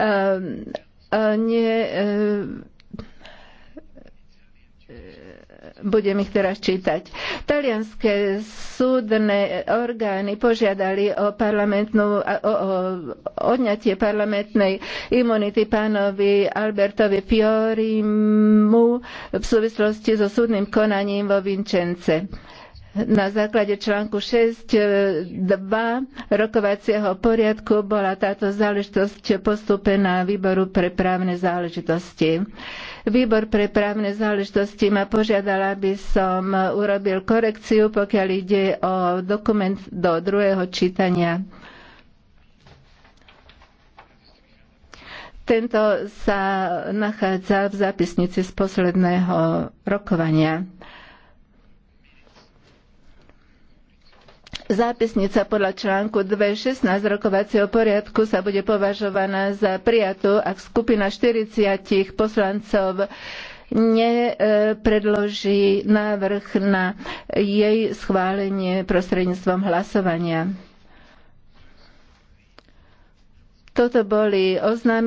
Ehm, eh, ne, eh, budem ich teraz čítať. Talianské súdne orgány požiadali o, parlamentnú, o, o odňatie parlamentnej imunity pánovi Albertovi Fiorimu v súvislosti so súdnym konaním vo Vinčence. Na základe článku 6.2 rokovacieho poriadku bola táto záležitosť postúpená výboru pre právne záležitosti. Výbor pre právne záležitosti ma požiadala, aby som urobil korekciu, pokiaľ ide o dokument do druhého čítania. Tento sa nachádza v zápisnici z posledného rokovania. Zápisnica podľa článku 2.16 rokovacieho poriadku sa bude považovaná za prijatú, ak skupina 40 poslancov nepredloží návrh na jej schválenie prostredníctvom hlasovania. Toto boli oznámenia.